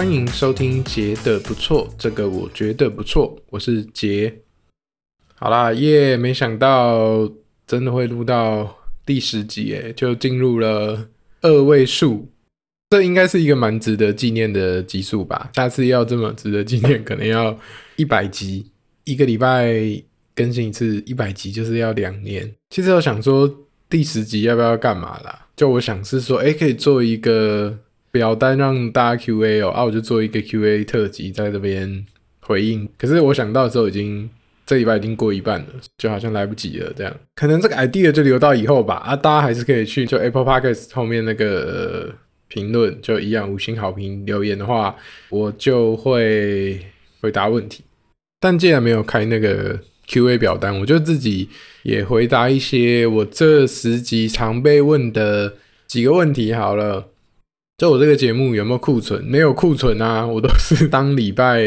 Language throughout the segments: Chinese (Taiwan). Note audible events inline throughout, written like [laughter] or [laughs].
歡迎收聽，杰的不錯，這個我覺得不錯，我是杰。好啦，耶，yeah，沒想到真的會錄到第十集誒，就進入了二位數，這應該是一個蠻值得紀念的集數吧。下次要這麼值得紀念，可能要一百集，一個禮拜更新一次，一百集就是要兩年。其實我想說，第十集要不要幹嘛啦？就我想是說，哎，可以做一個。表單讓大家 QA 哦，啊，我就做一個 QA 特輯，在這邊回應。可是我想到的時候，已經這禮拜已經過一半了，就好像來不及了這樣。可能這個 idea 就留到以後吧。啊，大家還是可以去就 Apple Podcast 後面那個評論，就一樣五星好評留言的話，我就會回答問題。但既然沒有開那個 QA 表單，我就自己也回答一些我這十集常被問的幾個問題好了。就我這個節目有沒有庫存？沒有庫存啊，我都是當禮拜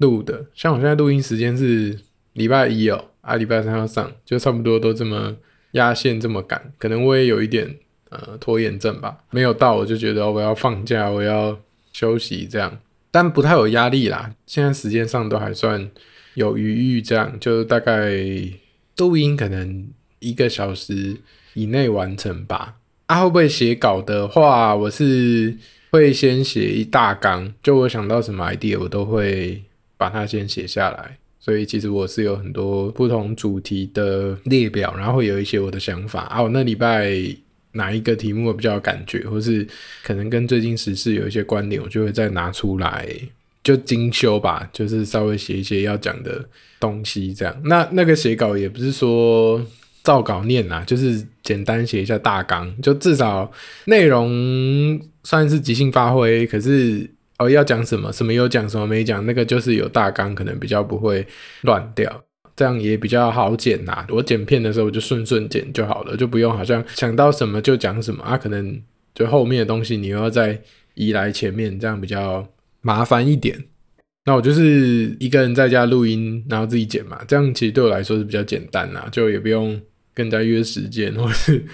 錄的。像我現在錄音時間是禮拜一哦，啊禮拜三要上，就差不多都這麼壓線這麼趕。可能我也有一點呃拖延症吧，沒有到我就覺得我要放假，我要休息這樣，但不太有壓力啦。現在時間上都還算有餘裕，這樣就大概錄音可能一個小時以內完成吧。啊，會不會寫稿的話，我是會先寫一大綱。就我想到什麼 idea，我都會把它先寫下來。所以其實我是有很多不同主題的列表，然後會有一些我的想法啊。我那禮拜哪一個題目我比較有感覺，或是可能跟最近時事有一些觀點，我就會再拿出來就精修吧，就是稍微寫一些要講的東西這樣。那那個寫稿也不是說。照稿念啊，就是簡單寫一下大綱，就至少內容算是即興發揮。可是哦，要講什麼，什麼有講，什麼沒講，那個就是有大綱，可能比較不會亂掉，這樣也比較好剪啦啊，我剪片的時候，我就順順剪就好了，就不用好像想到什麼就講什麼啊。可能就後面的東西，你又要再移來前面，這樣比較麻煩一點。那我就是一個人在家錄音，然後自己剪嘛，這樣其實對我來說是比較簡單啦啊，就也不用。跟人家約時間或是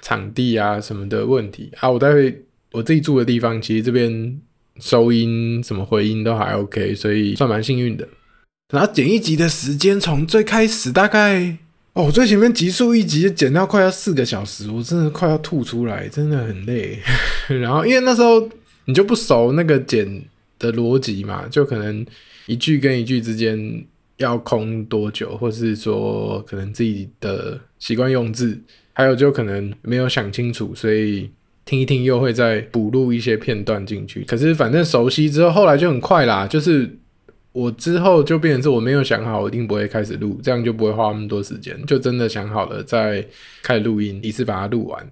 場地啊什麼的問題啊，我待會我自己住的地方，其實這邊收音什麼回音都還 OK，所以算蠻幸運的。然後剪一集的時間，從最開始大概哦，最前面集數一集就剪到快要四個小時，我真的快要吐出來，真的很累。 [laughs] 然後因為那時候你就不熟那個剪的邏輯嘛，就可能一句跟一句之間要空多久，或是說可能自己的。習慣用字，還有就可能沒有想清楚，所以聽一聽又會再補錄一些片段進去。可是反正熟悉之後，後來就很快啦。就是我之後就變成是我沒有想好，我一定不會開始錄，這樣就不會花那麼多時間。就真的想好了再開始錄音，一次把它錄完。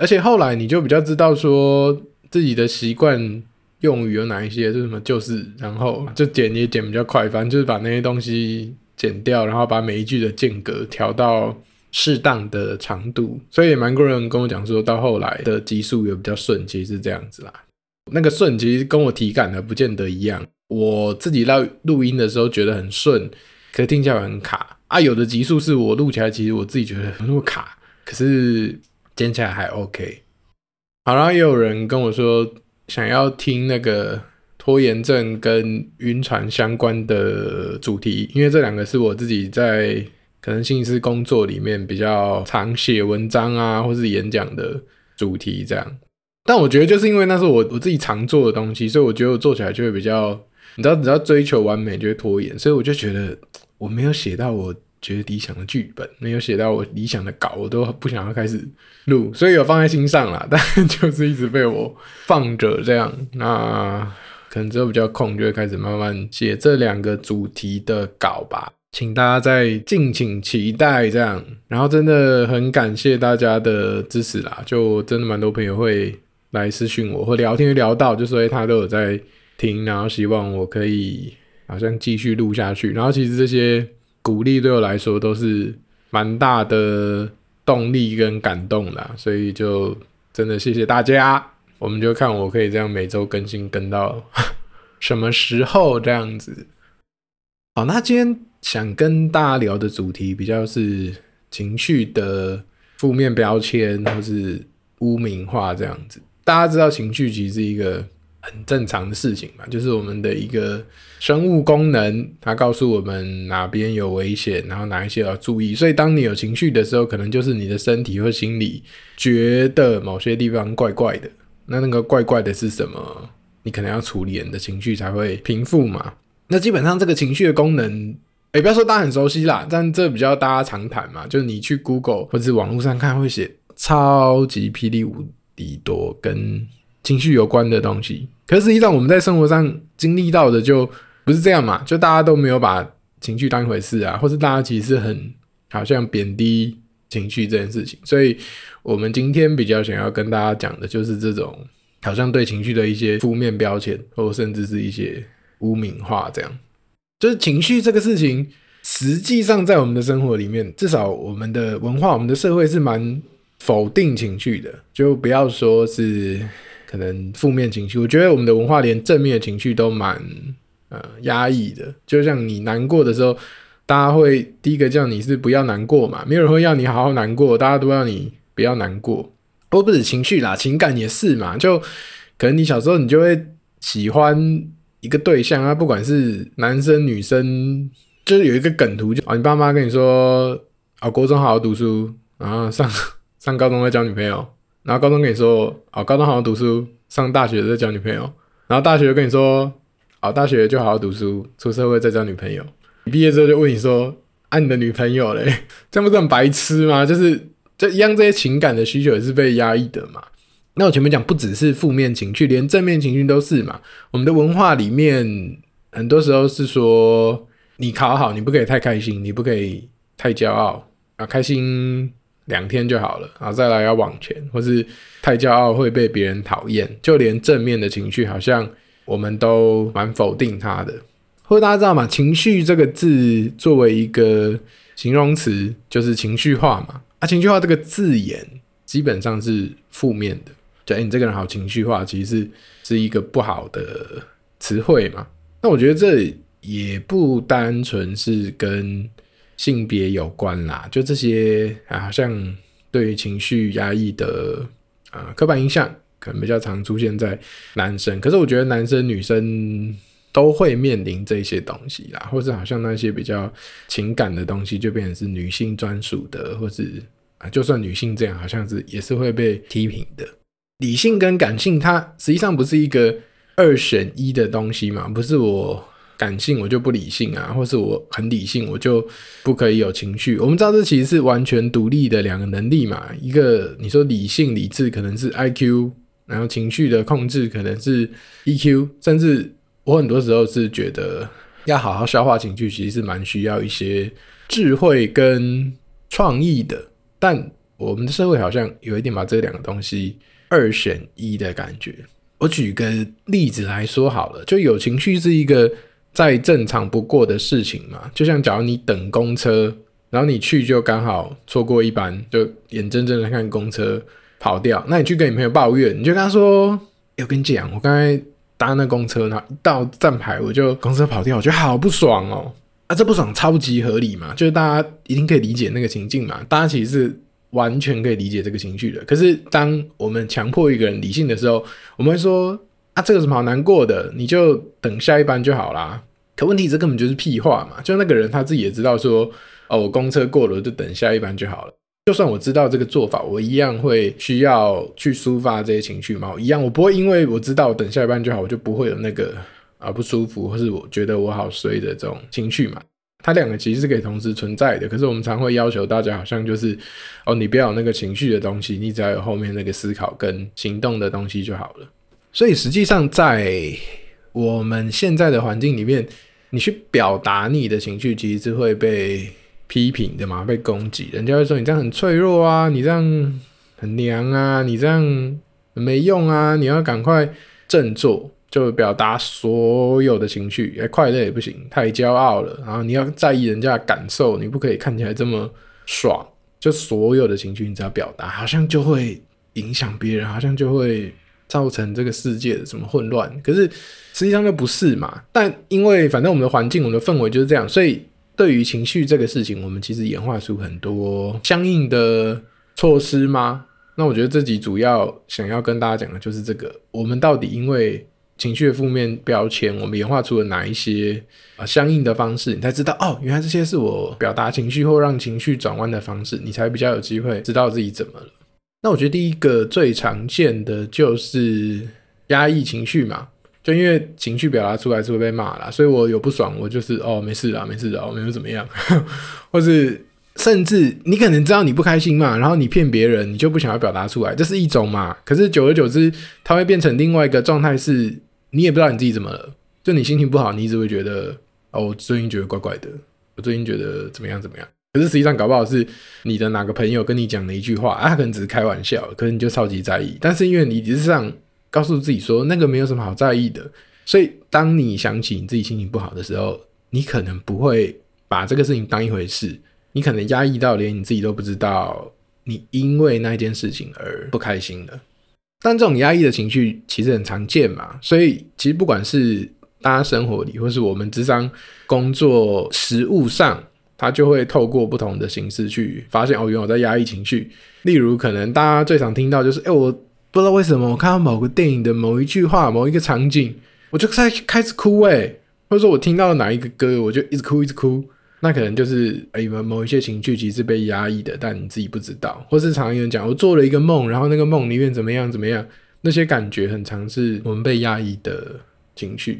而且後來你就比較知道說自己的習慣用語有哪一些，就是什麼就是，然後就剪也剪比較快，反正就是把那些東西剪掉，然後把每一句的間隔調到。適當的長度，所以蠻多人跟我講說到後來的集數也比較順，其實是這樣子啦。那個順其實跟我體感呢不見得一樣。我自己在錄音的時候覺得很順，可是聽起來很卡啊。有的集數是我錄起來其實我自己覺得很卡，可是剪起來還 OK。好，然後也有人跟我說想要聽那個拖延症跟暈船相關的主題，因為這兩個是我自己在。可能性是工作裡面比較常寫文章啊，或是演講的主題這樣。但我覺得就是因為那是我、我自己常做的東西，所以我覺得我做起來就會比較，你知道，只要追求完美就會拖延，所以我就覺得我沒有寫到我覺得理想的劇本，沒有寫到我理想的稿，我都不想要開始錄，所以有放在心上啦。但就是一直被我放着這樣。那可能之後比較空，就會開始慢慢寫這兩個主題的稿吧。請大家再敬請期待這樣，然後真的很感謝大家的支持啦，就真的蠻多朋友會來私訊我或聊天會聊到，就說他都有在聽，然後希望我可以好像繼續錄下去，然後其實這些鼓勵對我來說都是蠻大的動力跟感動啦。所以就真的謝謝大家，我們就看我可以這樣每周更新更到 [laughs] 什麼時候這樣子，哦，好，那今天。想跟大家聊的主題比較是情緒的負面標籤或是污名化，這樣子。大家知道情緒其實是一個很正常的事情嘛，就是我們的一個生物功能，它告訴我們哪邊有危險，然後哪一些要注意。所以當你有情緒的時候，可能就是你的身體或心理覺得某些地方怪怪的。那那個怪怪的是什麼？你可能要處理你的情緒才會平復嘛。那基本上這個情緒的功能。也、欸、不要說大家很熟悉啦，但這比較大家常談嘛。就你去 Google 或者網絡上看，會寫超級霹靂無敵多跟情緒有關的東西。可是，實際上我們在生活上經歷到的，就不是這樣嘛。就大家都沒有把情緒當一回事啊，或者大家其實很好像貶低情緒這件事情。所以，我們今天比較想要跟大家講的，就是這種好像對情緒的一些負面標籤，或甚至是一些污名化這樣。就是情緒這個事情，實際上在我們的生活裡面，至少我們的文化、我們的社會是蠻否定情緒的。就不要說是可能負面情緒，我覺得我們的文化連正面情緒都蠻呃壓抑的。就像你難過的時候，大家會第一個叫你是不要難過嘛，沒有人會要你好好難過，大家都要你不要難過。不過不止情緒啦，情感也是嘛。就可能你小時候你就會喜歡。一個對象啊，不管是男生女生，就是有一個梗圖就，就、哦、啊，你爸媽跟你說啊，國、哦、中好好讀書，然後上上高中再交女朋友，然後高中跟你說啊、哦，高中好好讀書，上大學再交女朋友，然後大學就跟你說啊、哦，大學就好好讀書，出社會再交女朋友，你畢業之後就問你說啊，你的女朋友嘞？這樣不是很白痴嗎？就是就一樣，這些情感的需求也是被壓抑的嘛。那我前面講不只是負面情緒，連正面情緒都是嘛。我們的文化裡面，很多時候是說，你考好你不可以太開心，你不可以太驕傲啊，開心兩天就好了啊，然後再來要往前，或是太驕傲會被別人討厭。就連正面的情緒，好像我們都蠻否定它的。或者大家知道嘛，情緒這個字作為一個形容詞，就是情緒化嘛啊，情緒化這個字眼基本上是負面的。就哎、欸，你這個人好情緒化，其實是是一個不好的詞彙嘛。那我覺得這也不單純是跟性別有關啦。就這些啊，好像對於情緒壓抑的啊、呃，刻板印象可能比較常出現在男生。可是我覺得男生女生都會面臨這些東西啦，或是好像那些比較情感的東西，就變成是女性專屬的，或是啊，就算女性這樣，好像是也是會被批評的。理性跟感性，它實際上不是一個二選一的東西嘛？不是我感性我就不理性啊，或是我很理性我就不可以有情緒？我們知道這其實是完全獨立的兩個能力嘛。一個你說理性理智可能是 IQ，然後情緒的控制可能是 EQ，甚至我很多時候是覺得要好好消化情緒，其實是蠻需要一些智慧跟創意的。但我們的社會好像有一點把這兩個東西。二選一的感覺，我舉個例子來說好了，就有情緒是一個再正常不過的事情嘛。就像假如你等公車，然後你去就剛好錯過一班，就眼睜睜的看公車跑掉，那你去跟你朋友抱怨，你就跟他說：“哎、欸，我跟你講，我剛才搭那公車，然後一到站牌，我就公車跑掉，我覺得好不爽哦。”啊，這不爽超級合理嘛，就是大家一定可以理解那個情境嘛，大家其實是。完全可以理解這個情緒的。可是，當我們強迫一個人理性的時候，我們會說啊，這個什麼好難過的，你就等下一班就好啦。可問題，這根本就是屁話嘛！就那個人他自己也知道說，說哦，我公車過了就等下一班就好了。就算我知道這個做法，我一樣會需要去抒發這些情緒嘛？一樣，我不會因為我知道我等下一班就好，我就不會有那個啊不舒服，或是我覺得我好衰的這種情緒嘛？它兩個其實是可以同時存在的，可是我們常會要求大家好像就是，哦，你不要有那個情緒的東西，你只要有後面那個思考跟行動的東西就好了。所以實際上在我們現在的環境裡面，你去表達你的情緒，其實是會被批評的嘛，被攻擊。人家會說你這樣很脆弱啊，你這樣很娘啊，你這樣沒用啊，你要趕快振作。就表達所有的情緒，快樂也不行，太驕傲了。然後你要在意人家的感受，你不可以看起來這麼爽。就所有的情緒，你只要表達，好像就會影響別人，好像就會造成這個世界的什麼混亂。可是實際上就不是嘛。但因為反正我們的環境、我們的氛圍就是這樣，所以對於情緒這個事情，我們其實演化出很多相應的措施嘛。那我覺得自己主要想要跟大家講的就是這個：我們到底因為。情緒的負面標籤，我們演化出了哪一些啊、呃、相應的方式？你才知道哦，原來這些是我表達情緒或讓情緒轉彎的方式，你才比較有機會知道自己怎麼了。那我覺得第一個最常見的就是壓抑情緒嘛，就因為情緒表達出來是會被罵啦，所以我有不爽，我就是哦，沒事啦，沒事的，我沒有怎麼樣， [laughs] 或是甚至你可能知道你不開心嘛，然後你騙別人，你就不想要表達出來，這是一種嘛。可是久而久之，它會變成另外一個狀態是，你也不知道你自己怎麼了，就你心情不好，你一直會覺得哦，我最近覺得怪怪的，我最近覺得怎麼樣怎麼樣。可是實際上，搞不好是你的哪個朋友跟你講了一句話啊，他可能只是開玩笑，可能你就超級在意。但是因為你只是想告訴自己說那個沒有什麼好在意的，所以當你想起你自己心情不好的時候，你可能不會把這個事情當一回事，你可能壓抑到連你自己都不知道你因為那件事情而不開心了。但這種壓抑的情緒其實很常見嘛，所以其實不管是大家生活裡，或是我們職場工作、實務上，他就會透過不同的形式去發現哦，原來我在壓抑情緒。例如，可能大家最常聽到就是，哎、欸，我不知道為什麼，我看到某個電影的某一句話、某一個場景，我就開開始哭哎、欸，或者說我聽到了哪一個歌，我就一直哭一直哭。那可能就是哎，欸，某一些情緒其實是被壓抑的，但你自己不知道，或是常常有人講，我做了一個夢，然後那個夢裡面怎麼樣怎麼樣，那些感覺很常是我們被壓抑的情緒。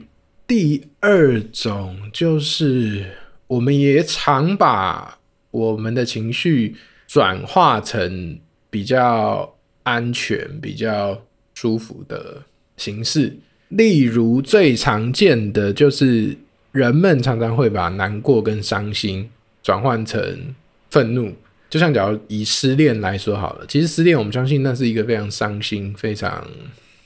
第二種就是，我們也常把我們的情緒轉化成比較安全、比較舒服的形式，例如最常見的就是。人們常常會把難過跟傷心轉換成憤怒，就像假如以失戀來說好了。其實失戀，我們相信那是一個非常傷心、非常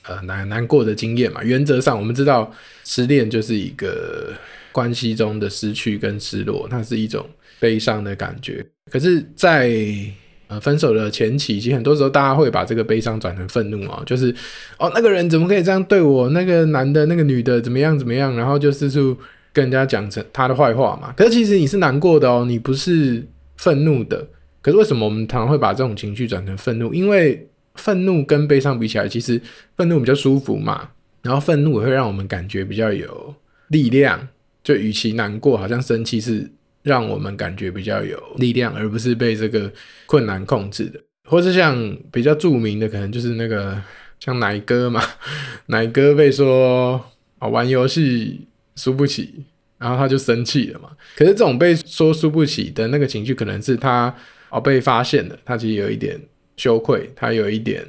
呃難難過的經驗嘛。原則上，我們知道失戀就是一個關係中的失去跟失落，那是一種悲傷的感覺。可是在，在呃分手的前期，其實很多時候大家會把這個悲傷轉成憤怒哦。就是哦，那個人怎麼可以這樣對我？那個男的、那個女的怎麼樣？怎麼樣？然後就四處。跟人家講成他的壞話嘛，可是其實你是難過的哦，你不是憤怒的。可是為什麼我們常常會把這種情緒轉成憤怒？因為憤怒跟悲傷比起來，其實憤怒比較舒服嘛。然後憤怒也會讓我們感覺比較有力量，就與其難過，好像生氣是讓我們感覺比較有力量，而不是被這個困難控制的。或是像比較著名的，可能就是那個像乃哥嘛，乃哥被說啊玩遊戲。輸不起，然後他就生氣了嘛。可是這種被說輸不起的那個情緒，可能是他哦被發現了，他其實有一點羞愧，他有一點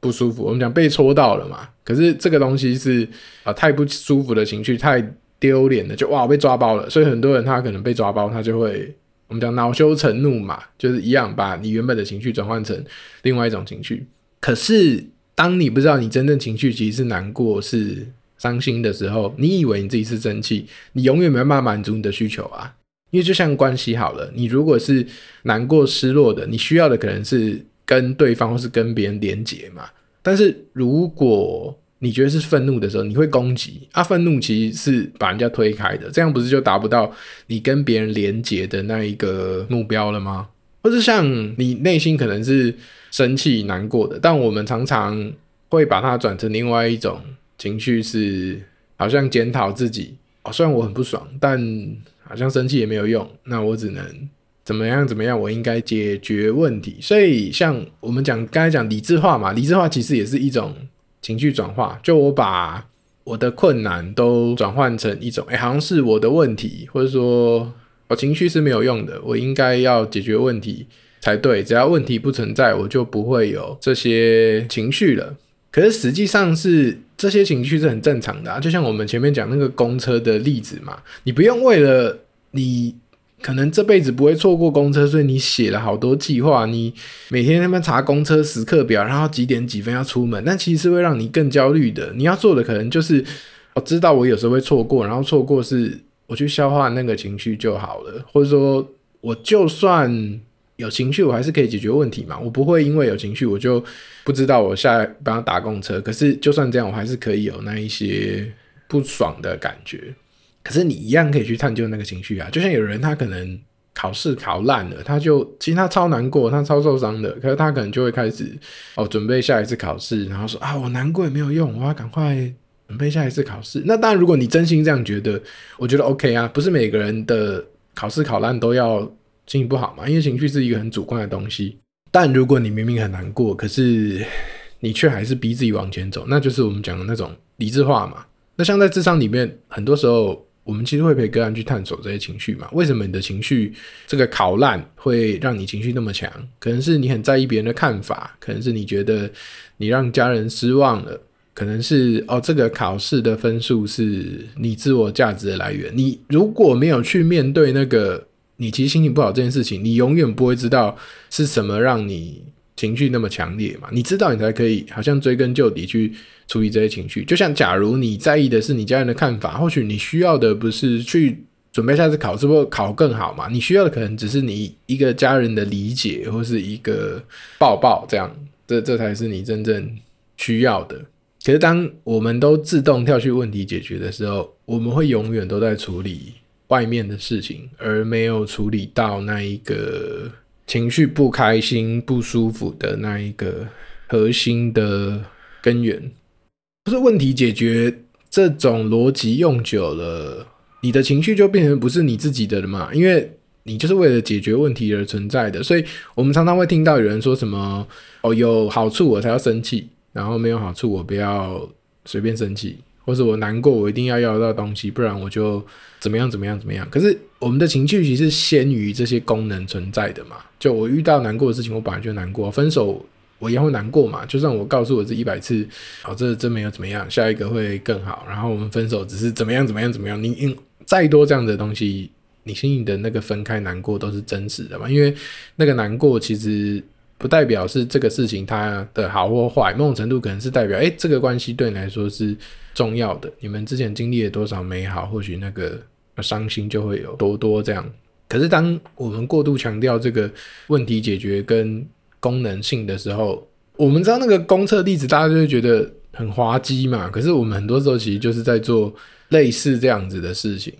不舒服。我們講被戳到了嘛。可是這個東西是啊、哦、太不舒服的情緒，太丟臉了，就哇我被抓包了。所以很多人他可能被抓包，他就會我們講惱羞成怒嘛，就是一樣把你原本的情緒轉換成另外一種情緒。可是當你不知道你真正情緒其實是難過，是。傷心的時候，你以為你自己是生氣，你永遠沒有辦法滿足你的需求啊！因為就像關係好了，你如果是難過、失落的，你需要的可能是跟對方或是跟別人連結嘛。但是如果你覺得是憤怒的時候，你會攻擊啊，憤怒其實是把人家推開的，這樣不是就達不到你跟別人連結的那一個目標了嗎？或是像你內心可能是生氣、難過的，但我們常常會把它轉成另外一種。情緒是好像檢討自己，哦，雖然我很不爽，但好像生氣也沒有用，那我只能怎麼樣怎麼樣，我應該解決問題。所以像我們講剛才講理智化嘛，理智化其實也是一種情緒轉化。就我把我的困難都轉換成一種，哎、欸，好像是我的問題，或者說哦，情緒是沒有用的，我應該要解決問題才對。只要問題不存在，我就不會有這些情緒了。可是實際上是這些情緒是很正常的啊，就像我們前面講那個公車的例子嘛，你不用為了你可能這輩子不會錯過公車，所以你寫了好多計劃，你每天他們查公車時刻表，然後幾點幾分要出門，但其實是會讓你更焦慮的。你要做的可能就是我知道我有時候會錯過，然後錯過是我去消化那個情緒就好了，或者說我就算。有情緒，我還是可以解決問題嘛？我不會因為有情緒，我就不知道我下來幫他打公車。可是就算這樣，我還是可以有那一些不爽的感覺。可是你一樣可以去探究那個情緒啊。就像有人他可能考試考爛了，他就其實他超難過，他超受傷的。可是他可能就會開始哦，準備下一次考試，然後說啊，我難過也沒有用，我要趕快準備下一次考試。那當然，如果你真心這樣覺得，我覺得 OK 啊。不是每個人的考試考爛都要心情不好嘛？因為情緒是一個很主觀的東西。但如果你明明很難過，可是你卻還是逼自己往前走，那就是我們講的那種理智化嘛。那像在諮商裡面，很多時候我們其實會陪個案去探索這些情緒嘛。為什麼你的情緒這個考爛會讓你情緒那麼強？可能是你很在意別人的看法，可能是你覺得你讓家人失望了，可能是，哦，這個考試的分數是你自我價值的來源。你如果沒有去面對那個。你其實心情不好這件事情，你永遠不會知道是什麼讓你情緒那麼強烈嘛？你知道，你才可以好像追根究底去處理這些情緒。就像，假如你在意的是你家人的看法，或許你需要的不是去準備下次考試或考更好嘛？你需要的可能只是你一個家人的理解或是一個抱抱這樣。這這才是你真正需要的。可是，當我們都自動跳去問題解決的時候，我們會永遠都在處理外面的事情，而沒有處理到那一個情緒不開心、不舒服的那一個核心的根源。不是問題解決這種邏輯用久了，你的情緒就變成不是你自己的了嘛？因為你就是為了解決問題而存在的。所以我們常常會聽到有人說什麼：“哦，有好處我才要生氣，然後沒有好處我不要隨便生氣。”或者我難過，我一定要要得到東西，不然我就怎麼樣怎麼樣怎麼樣。可是我們的情緒其實是先於這些功能存在的嘛。就我遇到難過的事情，我本來就難過，分手我也會難過嘛。就算我告訴我這一百次，好、哦，這真沒有怎麼樣，下一個會更好。然後我們分手只是怎麼樣怎麼樣怎麼樣。你你再多這樣的東西，你心裡的那個分開難過都是真實的嘛。因為那個難過其實。不代表是這個事情它的好或壞，某種程度可能是代表，誒、欸，這個關係對你來說是重要的。你們之前經歷了多少美好，或許那個傷心就會有多多這樣。可是當我們過度強調這個問題解決跟功能性的時候，我們知道那個公廁例子大家就會覺得很滑稽嘛。可是我們很多時候其實就是在做類似這樣子的事情。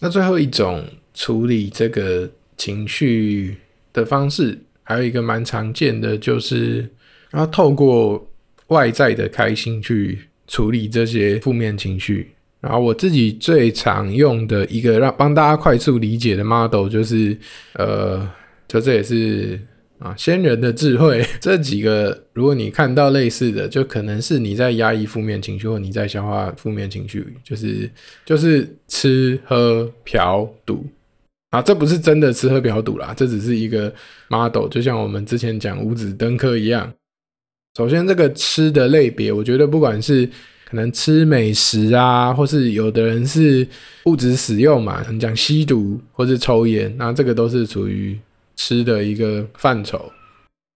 那最後一種處理這個情緒的方式，還有一個蠻常見的，就是然後透過外在的開心去處理這些負面情緒。然後我自己最常用的一個讓幫大家快速理解的 model 就是，呃，就這也是啊，先人的智慧。這幾個，如果你看到類似的，就可能是你在壓抑負面情緒，或者你在消化負面情緒，就是就是吃喝嫖賭。啊，這不是真的吃喝嫖賭啦，這只是一個 model，就像我們之前講五子登科一樣。首先，這個吃的類別，我覺得不管是可能吃美食啊，或是有的人是物質使用嘛，你講吸毒或是抽煙，那這個都是屬於吃的一個範疇。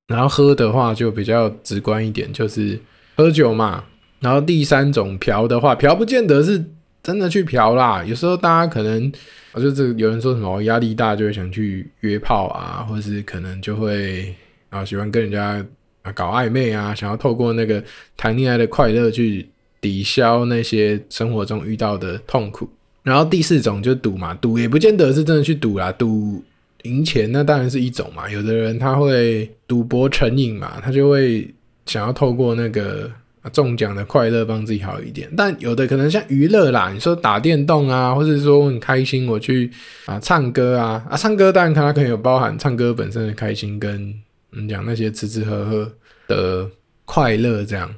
然後喝的話，就比較直觀一點，就是喝酒嘛。然後第三種嫖的話，嫖不見得是真的去嫖啦，有時候大家可能。啊，就是有人說什麼壓力大就會想去約炮啊，或者是可能就會啊喜歡跟人家啊搞曖昧啊，想要透過那個談戀愛的快樂去抵消那些生活中遇到的痛苦。然後第四種就賭嘛，賭也不見得是真的去賭啦，賭贏錢那當然是一種嘛。有的人他會賭博成癮嘛，他就會想要透過那個。啊，中獎的快樂幫自己好一點，但有的可能像娛樂啦，你說打電動啊，或者說我很開心，我去啊唱歌啊，啊唱歌，當然它可能有包含唱歌本身的開心跟，跟你講那些吃吃喝喝的快樂，這樣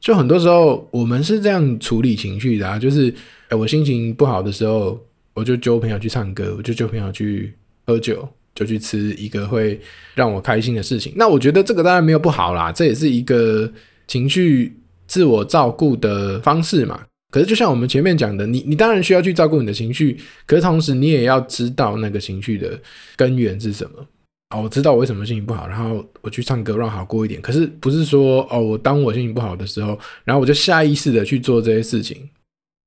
就很多時候我們是這樣處理情緒的啊，就是誒、欸，我心情不好的時候，我就揪朋友去唱歌，我就揪朋友去喝酒，就去吃一個會讓我開心的事情。那我覺得這個當然沒有不好啦，這也是一個情緒。自我照顧的方式嘛，可是就像我們前面講的，你你當然需要去照顧你的情緒，可是同時你也要知道那個情緒的根源是什麼？哦，我知道我為什麼心情不好，然後我去唱歌讓好過一點。可是不是說哦，我當我心情不好的時候，然後我就下意識的去做這些事情，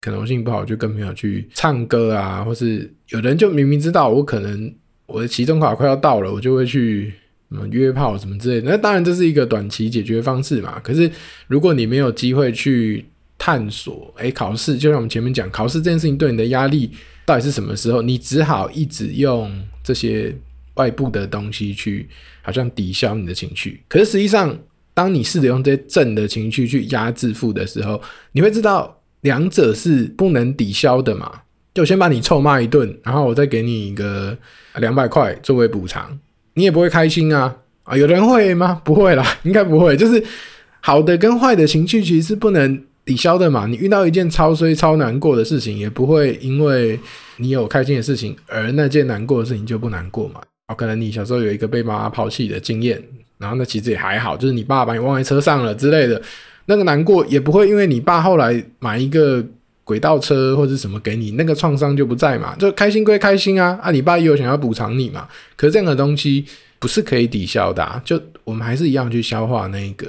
可能我心情不好就跟朋友去唱歌啊，或是有人就明明知道我可能我的期中考快要到了，我就會去。嗯，約炮什麼之類的，那當然這是一個短期解決方式嘛。可是如果你沒有機會去探索，哎，考試就像我們前面講，考試這件事情對你的壓力到底是什麼時候？你只好一直用這些外部的東西去，好像抵消你的情緒。可是實際上，當你試着用這些正的情緒去壓制負的時候，你會知道兩者是不能抵消的嘛。就先把你臭罵一頓，然後我再給你一個兩百塊作為補償。你也不會開心啊啊、哦！有人會嗎？不會啦，應該不會。就是好的跟壞的情緒其實是不能抵消的嘛。你遇到一件超衰超難過的事情，也不會因為你有開心的事情而那件難過的事情就不難過嘛。哦，可能你小時候有一個被媽媽拋棄的經驗，然後那其實也還好，就是你爸爸把你忘在車上了之類的，那個難過也不會因為你爸後來買一個。軌道車或是什麼給你，那個創傷就不在嘛，就開心歸開心啊，啊，你爸也有想要補償你嘛，可是這樣的東西不是可以抵消的啊，就我們還是一樣去消化那一個，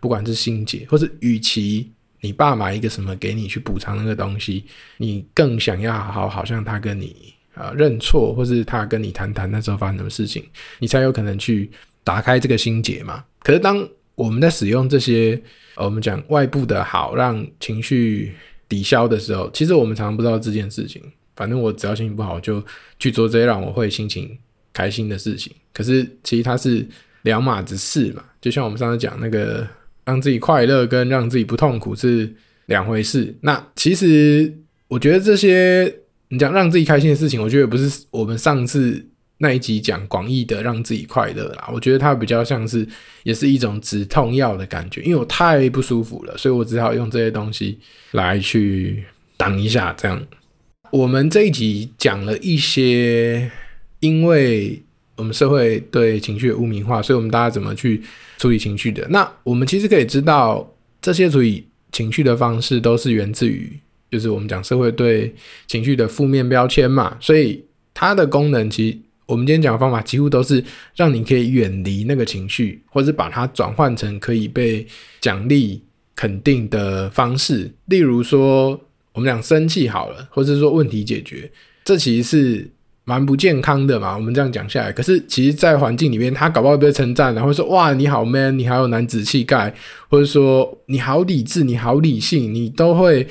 不管是心結，或是與其你爸買一個什麼給你去補償那個東西，你更想要好好像他跟你啊認錯，或是他跟你談談那時候發生什麼事情，你才有可能去打開這個心結嘛。可是當我們在使用這些、哦、我們講外部的好讓情緒。抵消的時候，其實我們常常不知道這件事情。反正我只要心情不好，就去做這些讓我會心情開心的事情。可是其實它是兩碼子事嘛。就像我們上次講那個讓自己快樂跟讓自己不痛苦是兩回事。那其實我覺得這些，你講讓自己開心的事情，我覺得也不是我們上次。那一集講廣義的讓自己快樂啦，我覺得它比較像是也是一種止痛藥的感覺，因為我太不舒服了，所以我只好用這些東西來去擋一下。這樣，我們這一集講了一些，因為我們社會對情緒的污名化，所以我們大家怎麼去處理情緒的？那我們其實可以知道，這些處理情緒的方式都是源自於，就是我們講社會對情緒的負面標籤嘛，所以它的功能其實。我們今天講的方法幾乎都是讓你可以遠離那個情緒，或者把它轉換成可以被獎勵肯定的方式。例如說，我們倆生氣好了，或者說問題解決，這其實是蠻不健康的嘛。我們這樣講下來，可是其實，在環境裡面，他搞不好被稱讚，然後說：“哇，你好 man，你還有男子氣概，或者說你好理智，你好理性，你都會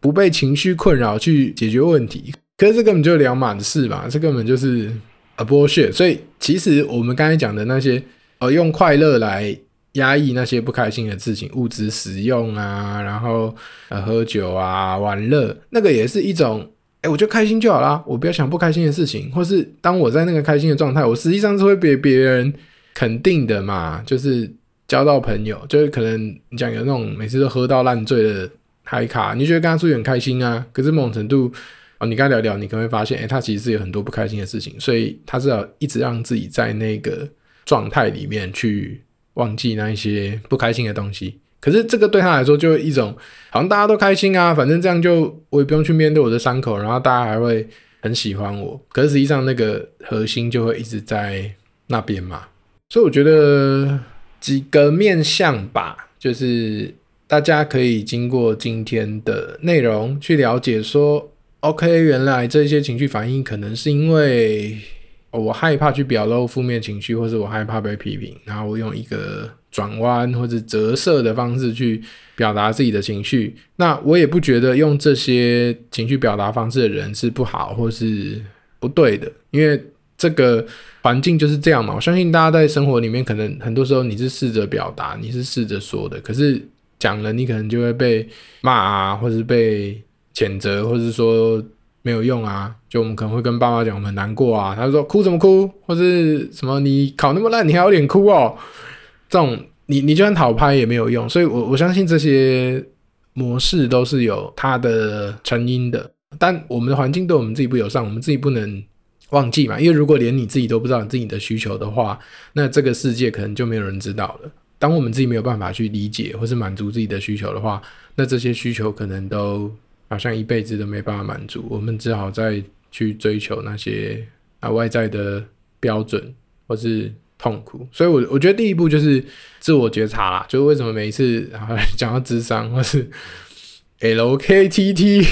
不被情緒困擾去解決問題。”可是這根本就兩碼子事嘛，這根本就是。abortion 所以其實我們剛才講的那些，呃，用快樂來壓抑那些不開心的事情，物質使用啊，然後呃，喝酒啊，玩樂，那個也是一種，誒，我就開心就好啦，我不要想不開心的事情，或是當我在那個開心的狀態，我實際上是會被別,別人肯定的嘛，就是交到朋友，就是可能你講有那種每次都喝到爛醉的嗨咖，你覺得跟他出去很開心啊，可是某種程度。哦，你跟他聊聊，你可能會發現，哎、欸，他其實是有很多不開心的事情，所以他至少一直讓自己在那個狀態裡面去忘記那一些不開心的東西。可是這個對他來說，就一種好像大家都開心啊，反正這樣就我也不用去面對我的傷口，然後大家還會很喜歡我。可是實際上，那個核心就會一直在那邊嘛。所以我覺得幾個面向吧，就是大家可以經過今天的內容去了解說。OK，原來這些情緒反應可能是因為我害怕去表露負面情緒，或者我害怕被批評，然後我用一個轉彎或者折射的方式去表達自己的情緒。那我也不覺得用這些情緒表達方式的人是不好或是不對的，因為這個環境就是這樣嘛。我相信大家在生活裡面，可能很多時候你是試着表達，你是試着說的，可是講了你可能就會被罵啊，或是被。譴責，或者是說沒有用啊，就我們可能會跟爸媽講我們很難過啊，他就說哭什麼哭？或者什麼你考那麼爛，你還有臉哭哦？這種你你就算討拍也沒有用，所以我我相信這些模式都是有它的成因的，但我們的環境對我們自己不友善，我們自己不能忘記嘛，因為如果連你自己都不知道你自己的需求的話，那這個世界可能就沒有人知道了。當我們自己沒有辦法去理解或是滿足自己的需求的話，那這些需求可能都。好像一輩子都沒辦法滿足，我們只好再去追求那些啊外在的標準或是痛苦。所以我，我我覺得第一步就是自我覺察啦。就是為什麼每一次啊講到智商或是 LKTT，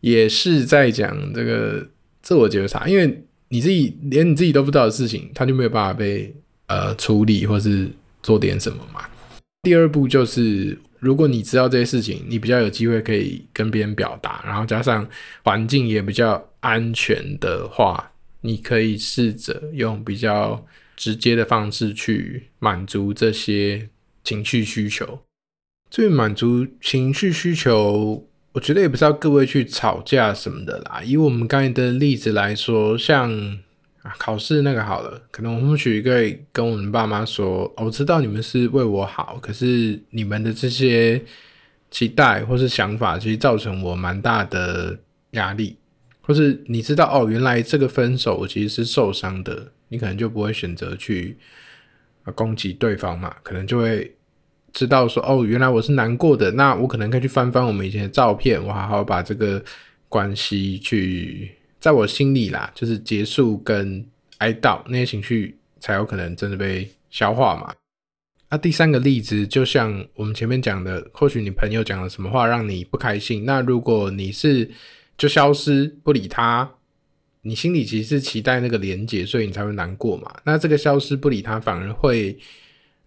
也是在講這個自我覺察，因為你自己連你自己都不知道的事情，他就沒有辦法被呃處理或是做點什麼嘛。第二步就是。如果你知道這些事情，你比較有機會可以跟別人表達，然後加上環境也比較安全的話，你可以試着用比較直接的方式去滿足這些情緒需求。至於滿足情緒需求，我覺得也不是要各位去吵架什麼的啦。以我們剛才的例子來說，像。啊，考試那個好了，可能我或許可以跟我們爸媽說，哦，我知道你們是為我好，可是你們的這些期待或是想法，其實造成我蠻大的壓力，或是你知道哦，原來這個分手我其實是受傷的，你可能就不會選擇去攻擊對方嘛，可能就會知道說哦，原來我是難過的，那我可能可以去翻翻我們以前的照片，我好好把這個關係去。在我心裡啦，就是結束跟哀悼那些情緒，才有可能真的被消化嘛。那第三個例子，就像我們前面講的，或許你朋友講了什麼話讓你不開心，那如果你是就消失不理他，你心裡其實是期待那個連接，所以你才會難過嘛。那這個消失不理他，反而會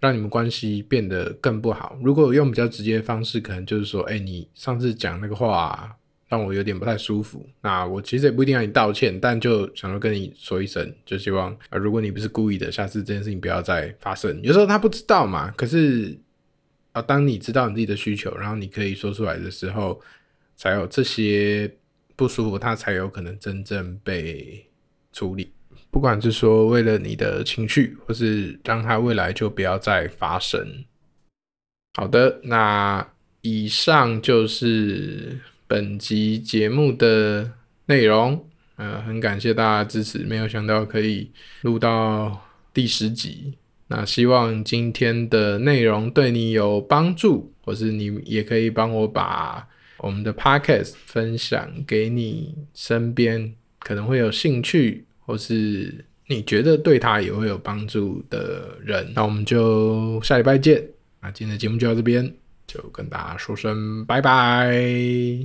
讓你們關係變得更不好。如果用比較直接的方式，可能就是說，哎、欸，你上次講那個話啊。讓我有點不太舒服。那我其實也不一定讓你道歉，但就想說跟你說一聲，就希望啊，如果你不是故意的，下次這件事情不要再發生。有時候他不知道嘛，可是啊，當你知道你自己的需求，然後你可以說出來的時候，才有這些不舒服，他才有可能真正被處理。不管是說為了你的情緒，或是讓他未來就不要再發生。好的，那以上就是本集節目的內容，呃，很感謝大家支持，沒有想到可以錄到第十集。那希望今天的內容對你有幫助，或是你也可以幫我把我們的 podcast 分享給你身邊可能會有興趣，或是你覺得對他也會有幫助的人。那我們就下禮拜見啊！那今天的節目就到這邊。就跟大家說聲拜拜。